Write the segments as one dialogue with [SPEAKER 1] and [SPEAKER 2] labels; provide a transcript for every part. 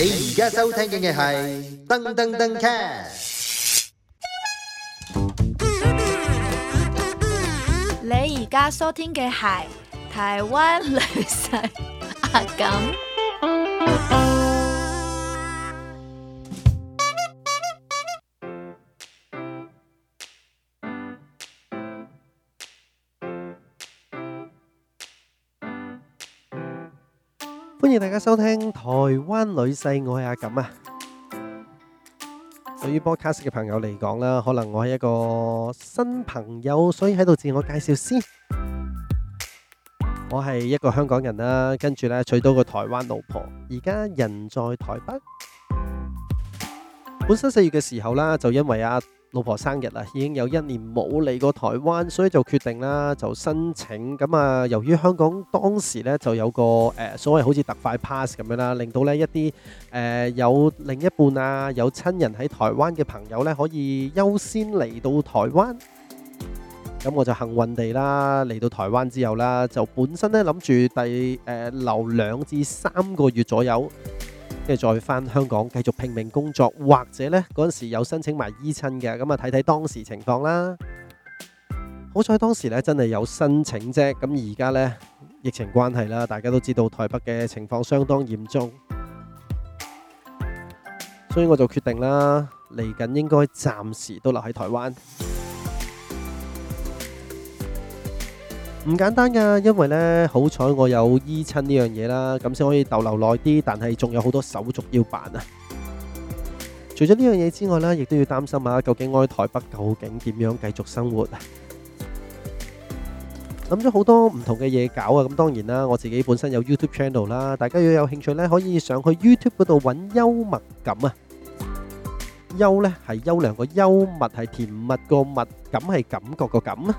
[SPEAKER 1] 你而家收聽緊嘅係《噔噔噔 Cat》，你而家收聽嘅係台灣女婿阿錦。歡迎大家收聽台灣女婿，我係阿錦啊。對於 Podcast 嘅朋友嚟講啦，可能我係一個新朋友，所以喺度自我介紹先。我係一個香港人啦，跟住咧娶到個台灣老婆，而家人在台北。本身四月嘅時候啦，就因為啊。老婆生日啦，已經有一年冇嚟過台灣，所以就決定啦，就申請。咁啊，由於香港當時咧就有個誒、呃、所謂好似特快 pass 咁樣啦，令到咧一啲誒、呃、有另一半啊、有親人喺台灣嘅朋友咧可以優先嚟到台灣。咁我就幸運地啦，嚟到台灣之後啦，就本身咧諗住第誒、呃、留兩至三個月左右。即係再返香港繼續拼命工作，或者呢嗰陣時有申請埋醫親嘅，咁啊睇睇當時情況啦。好彩當時呢真係有申請啫，咁而家呢疫情關係啦，大家都知道台北嘅情況相當嚴重，所以我就決定啦，嚟緊應該暫時都留喺台灣。唔簡單噶因為咧，好彩我有依親呢樣嘢啦，咁先可以逗留耐啲。但係仲有好多手續要辦啊！除咗呢樣嘢之外咧，亦都要擔心下，究竟我喺台北究竟點樣繼續生活啊？諗咗好多唔同嘅嘢搞啊！咁當然啦，我自己本身有 YouTube channel 啦，大家如果有興趣咧，可以上去 YouTube 嗰度搵幽默感啊！幽咧係優良個幽，物係甜蜜個物，感係感覺個感啊！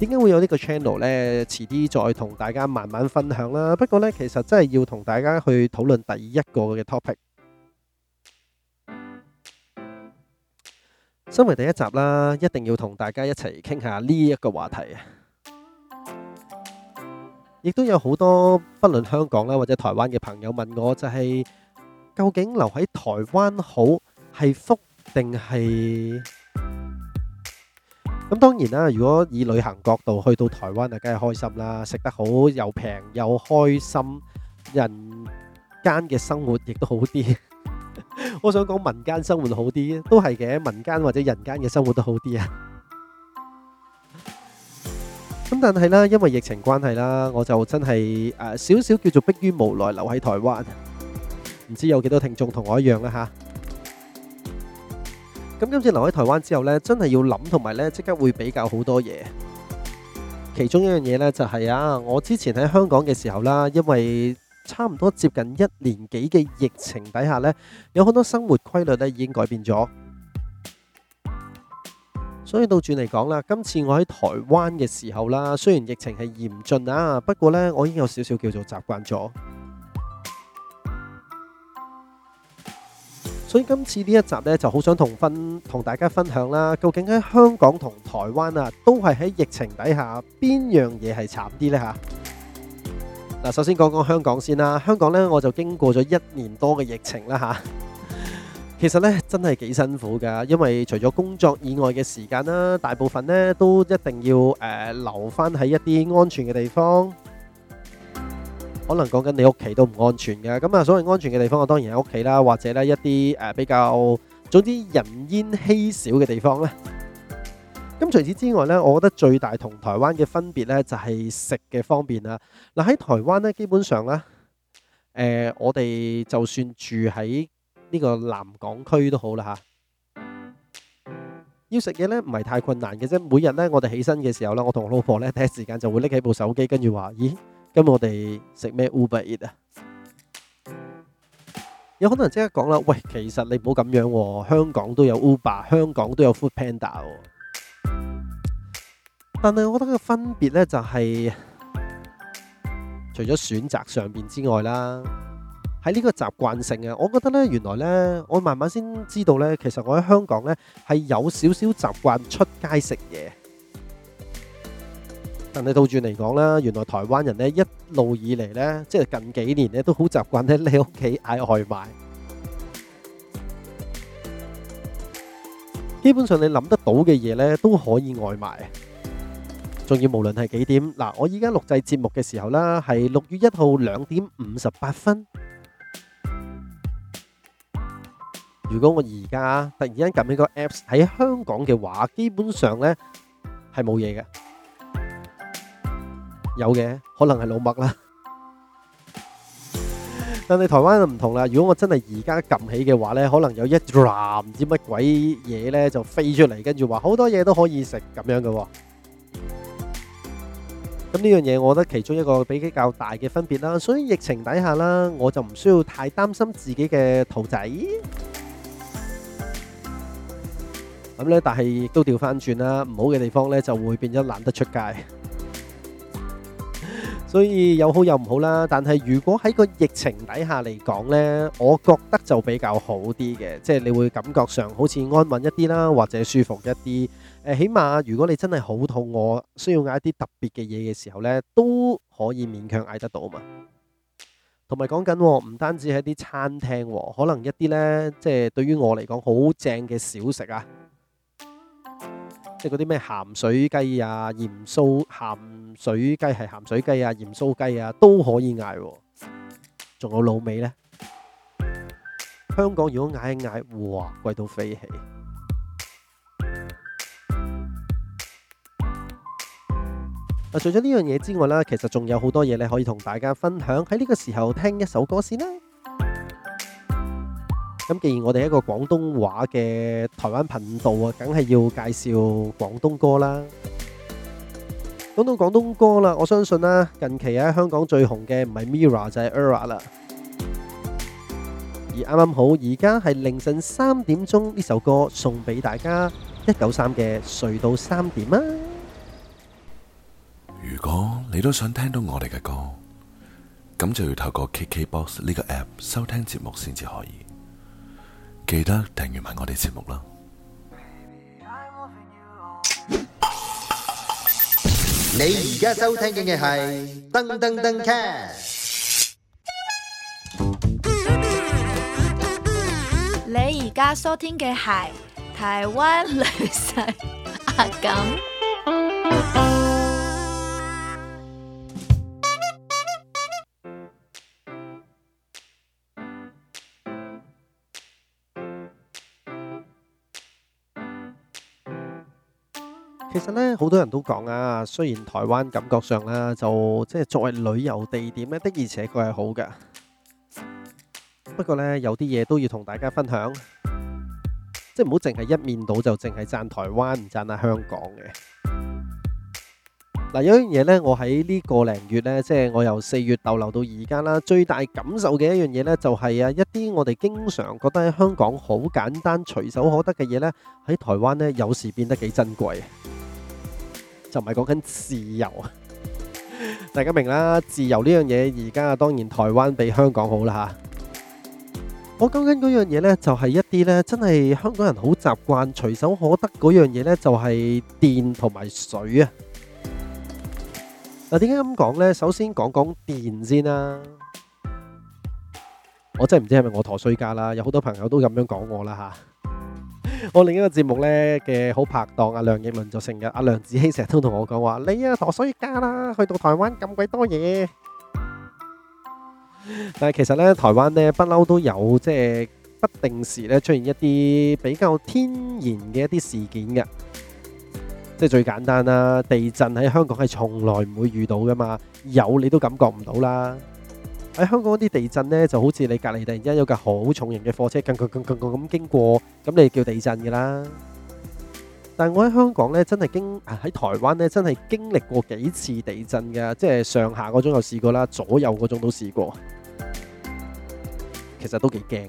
[SPEAKER 1] 點解會有個頻道呢個 channel 呢？遲啲再同大家慢慢分享啦。不過呢，其實真係要同大家去討論第一個嘅 topic。身為第一集啦，一定要同大家一齊傾下呢一個話題啊！亦都有好多不論香港啦或者台灣嘅朋友問我，就是，就係究竟留喺台灣好係福定係？咁當然啦，如果以旅行角度去到台灣啊，梗係開心啦，食得好又平又開心，人間嘅生活亦都好啲。我想講民間生活好啲，都係嘅，民間或者人間嘅生活都好啲啊。咁但係啦，因為疫情關係啦，我就真係誒少少叫做迫於無奈留喺台灣，唔知有幾多聽眾同我一樣啦嚇。咁今次留喺台灣之後呢，真係要諗同埋呢，即刻會比較好多嘢。其中一樣嘢呢，就係啊，我之前喺香港嘅時候啦，因為差唔多接近一年幾嘅疫情底下呢，有好多生活規律呢已經改變咗。所以倒轉嚟講啦，今次我喺台灣嘅時候啦，雖然疫情係嚴峻啊，不過呢，我已經有少少叫做習慣咗。所以今次呢一集呢，就好想同分同大家分享啦。究竟喺香港同台灣啊，都係喺疫情底下，邊樣嘢係慘啲呢？吓、啊、嗱，首先講講香港先啦。香港呢，我就經過咗一年多嘅疫情啦。吓、啊，其實呢，真係幾辛苦噶，因為除咗工作以外嘅時間啦，大部分呢都一定要誒、呃、留翻喺一啲安全嘅地方。可能講緊你屋企都唔安全嘅，咁啊，所謂安全嘅地方，我當然喺屋企啦，或者咧一啲誒比較總之人煙稀少嘅地方啦。咁除此之外咧，我覺得最大同台灣嘅分別咧，就係食嘅方面啦。嗱，喺台灣咧，基本上咧，誒我哋就算住喺呢個南港區都好啦嚇，要食嘢咧唔係太困難嘅啫。每日咧我哋起身嘅時候咧，我同我老婆咧第一時間就會拎起部手機，跟住話咦。咁我哋食咩 Uber Eat 啊？有可能即刻講啦，喂，其實你唔好咁樣，香港都有 Uber，香港都有 Foodpanda，但係我覺得個分別呢，就係、是，除咗選擇上邊之外啦，喺呢個習慣性啊，我覺得呢，原來呢，我慢慢先知道呢，其實我喺香港呢，係有少少習慣出街食嘢。你倒轉嚟講啦，原來台灣人咧一路以嚟咧，即係近幾年咧都好習慣咧喺你屋企嗌外賣。基本上你諗得到嘅嘢咧都可以外賣。仲要無論係幾點，嗱，我依家錄製節目嘅時候啦，係六月一號兩點五十八分。如果我而家突然之間撳起個 apps 喺香港嘅話，基本上咧係冇嘢嘅。有嘅，可能係老麥啦。但你台灣就唔同啦。如果我真係而家撳起嘅話咧，可能有一籃唔知乜鬼嘢咧就飛出嚟，跟住話好多嘢都可以食咁樣嘅。咁呢樣嘢，我覺得其中一個比較大嘅分別啦。所以疫情底下啦，我就唔需要太擔心自己嘅肚仔。咁咧，但係都掉翻轉啦，唔好嘅地方咧就會變咗懶得出街。所以有好有唔好啦，但係如果喺個疫情底下嚟講呢，我覺得就比較好啲嘅，即係你會感覺上好似安穩一啲啦，或者舒服一啲。誒，起碼如果你真係好肚餓，需要嗌一啲特別嘅嘢嘅時候呢，都可以勉強嗌得到啊嘛。同埋講緊唔單止係啲餐廳，可能一啲呢，即係對於我嚟講好正嘅小食啊。即係嗰啲咩鹹水雞啊、鹽酥鹹水雞係鹹水雞啊、鹽酥雞啊都可以嗌。啊，仲有滷味呢，香港如果嗌一嗌，哇貴到飛起！啊，除咗呢樣嘢之外啦，其實仲有好多嘢呢可以同大家分享。喺呢個時候聽一首歌先啦。咁，既然我哋係一個廣東話嘅台灣頻道啊，梗係要介紹廣東歌啦。講到廣東歌啦，我相信啦，近期喺香港最紅嘅唔係 Mira 就係 Era 啦。而啱啱好，而家係凌晨三點鐘，呢首歌送俾大家一九三嘅睡到三點啊！如果你都想聽到我哋嘅歌，咁就要透過 KKBox 呢個 app 收聽節目先至可以。記得訂閱埋我哋節目啦！你而家收聽嘅係噔噔噔，cash。你而家收聽嘅係台灣女神阿錦。其實咧，好多人都講啊，雖然台灣感覺上咧，就即係作為旅遊地點咧，的而且確係好嘅。不過咧，有啲嘢都要同大家分享，即係唔好淨係一面倒，就淨係讚台灣，唔讚下香港嘅。嗱，有樣嘢咧，我喺呢個零月咧，即係我由四月逗留到而家啦，最大感受嘅一樣嘢咧，就係啊，一啲我哋經常覺得喺香港好簡單、隨手可得嘅嘢咧，喺台灣咧有時變得幾珍貴。就唔係講緊自由啊！大家明啦，自由呢樣嘢，而家當然台灣比香港好啦吓。我講緊嗰樣嘢呢，就係一啲呢，真係香港人好習慣隨手可得嗰樣嘢呢，就係電同埋水啊！嗱，點解咁講呢？首先講講電先啦。我真係唔知係咪我陀衰家啦，有好多朋友都咁樣講我啦吓。我另一個節目咧嘅好拍檔阿梁奕倫，就成日，阿梁子希成日都同我講，話你啊，陀衰家啦，去到台灣咁鬼多嘢，但係其實咧台灣咧不嬲都有即係、就是、不定時咧出現一啲比較天然嘅一啲事件嘅，即係最簡單啦，地震喺香港係從來唔會遇到噶嘛，有你都感覺唔到啦。喺香港啲地震咧，就好似你隔籬突然間有架好重型嘅貨車咁咁咁咁咁經過，咁你叫地震噶啦。但係我喺香港咧，真係經喺台灣咧，真係經歷過幾次地震嘅，即係上下嗰種又試過啦，左右嗰種都試過，其實都幾驚。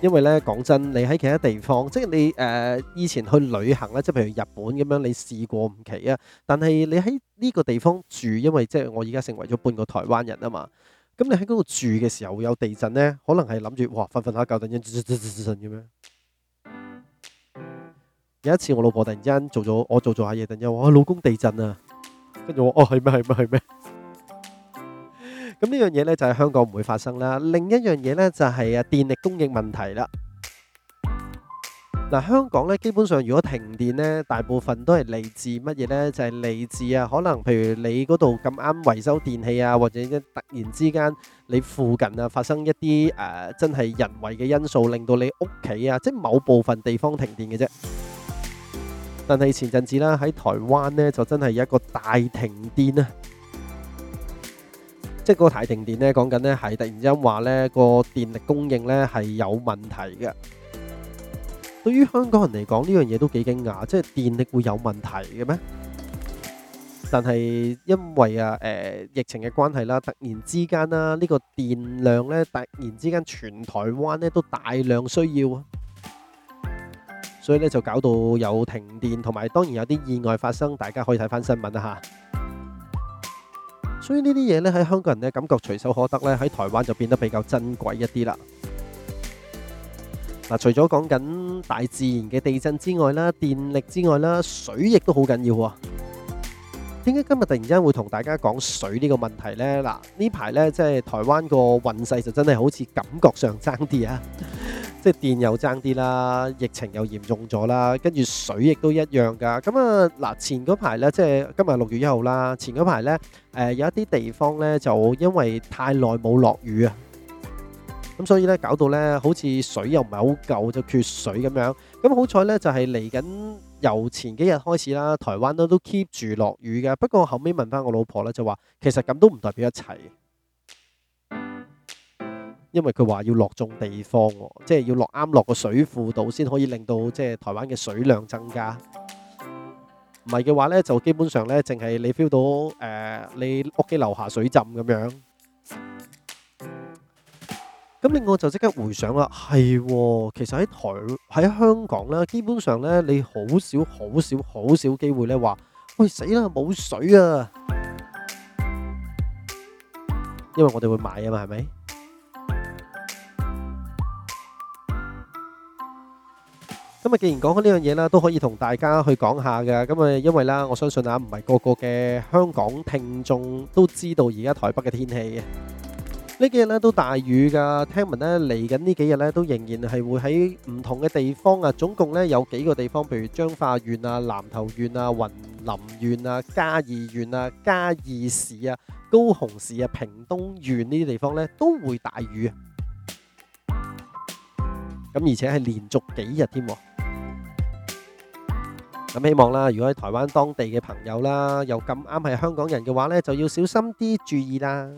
[SPEAKER 1] 因為咧，講真，你喺其他地方，即係你誒以前去旅行咧，即係譬如日本咁樣，你試過唔奇啊。但係你喺呢個地方住，因為即係我而家成為咗半個台灣人啊嘛。咁你喺嗰度住嘅時候會有地震呢？可能係諗住哇瞓瞓下覺等陣，有一次我老婆突然之間做咗我做咗下嘢，突然之間話：老公地震啊！跟住我哦係咩係咩係咩？咁呢樣嘢呢，就喺香港唔會發生啦。另一樣嘢呢，就係啊電力供應問題啦。嗱，香港咧基本上如果停電咧，大部分都係嚟自乜嘢咧？就係嚟自啊，可能譬如你嗰度咁啱維修電器啊，或者一突然之間你附近啊發生一啲誒真係人為嘅因素，令到你屋企啊，即係某部分地方停電嘅啫。但係前陣子啦，喺台灣咧就真係有一個大停電啊！即係個大停電咧，講緊咧係突然之間話咧個電力供應咧係有問題嘅。對於香港人嚟講呢樣嘢都幾驚訝，即係電力會有問題嘅咩？但係因為啊，誒、呃，疫情嘅關係啦，突然之間啦，呢、這個電量咧突然之間全台灣咧都大量需要啊，所以咧就搞到有停電，同埋當然有啲意外發生，大家可以睇返新聞啊吓。所以呢啲嘢咧喺香港人嘅感覺隨手可得咧，喺台灣就變得比較珍貴一啲啦。嗱，除咗講緊大自然嘅地震之外啦，電力之外啦，水亦都好緊要啊！點解今日突然間會同大家講水呢個問題呢？嗱，呢排呢，即係台灣個運勢就真係好似感覺上爭啲啊！即 係電又爭啲啦，疫情又嚴重咗啦，跟住水亦都一樣噶。咁啊，嗱，前嗰排呢，即係今日六月一號啦，前嗰排呢，誒，有一啲地方呢，就因為太耐冇落雨啊。咁所以咧，搞到咧，好似水又唔係好夠，就缺水咁樣。咁好彩咧，就係嚟緊由前幾日開始啦，台灣咧都 keep 住落雨嘅。不過我後尾問翻我老婆咧，就話其實咁都唔代表一切，因為佢話要落中地方，即係要落啱落個水庫度先可以令到即係台灣嘅水量增加。唔係嘅話呢，就基本上呢，淨係你 feel 到誒、呃，你屋企樓下水浸咁樣。咁另外就即刻回想啦，係，其實喺台喺香港咧，基本上咧，你好少好少好少機會咧話，喂，死啦冇水啊，因為我哋會買啊嘛，係咪？咁咪既然講開呢樣嘢啦，都可以同大家去講下噶，咁啊，因為啦，我相信啊，唔係個個嘅香港聽眾都知道而家台北嘅天氣嘅。呢幾日咧都大雨噶，聽聞咧嚟緊呢幾日咧都仍然係會喺唔同嘅地方啊，總共咧有幾個地方，譬如彰化縣啊、南投縣啊、雲林縣啊、嘉義縣啊、嘉義市啊、高雄市啊、屏東縣呢啲地方咧都會大雨啊，咁而且係連續幾日添，咁希望啦，如果係台灣當地嘅朋友啦，又咁啱係香港人嘅話咧，就要小心啲，注意啦。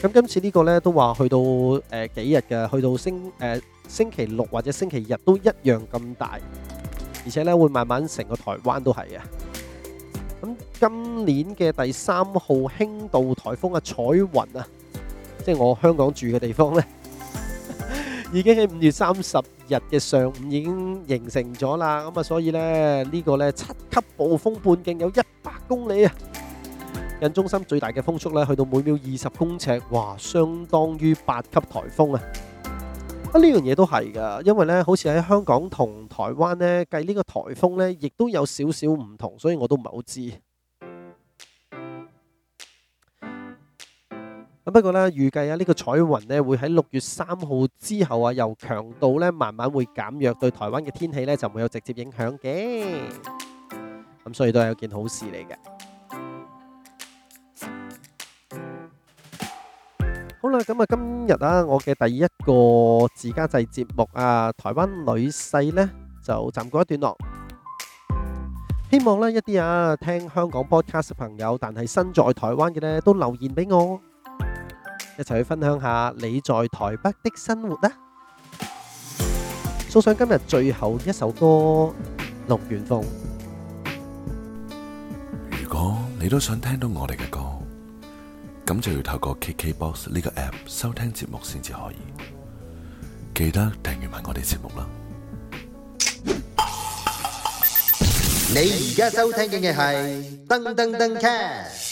[SPEAKER 1] 咁今次呢個呢都話去到誒幾日嘅，去到星誒星期六或者星期日都一樣咁大，而且呢會慢慢成個台灣都係嘅。咁今年嘅第三號輕度颱風啊彩雲啊，即係我香港住嘅地方呢，已經喺五月三十日嘅上午已經形成咗啦。咁啊，所以呢呢個呢七級暴風半徑有一百公里啊！近中心最大嘅風速咧，去到每秒二十公尺，哇！相當於八級颱風啊！啊，呢樣嘢都係㗎，因為咧，好似喺香港同台灣咧計呢個颱風咧，亦都有少少唔同，所以我都唔係好知。咁不過咧，預計啊，呢個彩雲咧會喺六月三號之後啊，由強度咧慢慢會減弱，對台灣嘅天氣咧就冇有直接影響嘅。咁所以都係一件好事嚟嘅。好啦，咁啊，今日啊，我嘅第一個自家製節目啊，台灣女婿咧，就暫告一段落。希望咧一啲啊聽香港 podcast 朋友，但係身在台灣嘅咧，都留言俾我，一齊去分享下你在台北的生活啊！送上今日最後一首歌《龍捲風》。如果你都想聽到我哋嘅歌。咁就要透過 KKBOX 呢個 app 收聽節目先至可以，記得訂閱埋我哋節目啦！你而家收聽嘅係噔噔噔 cast。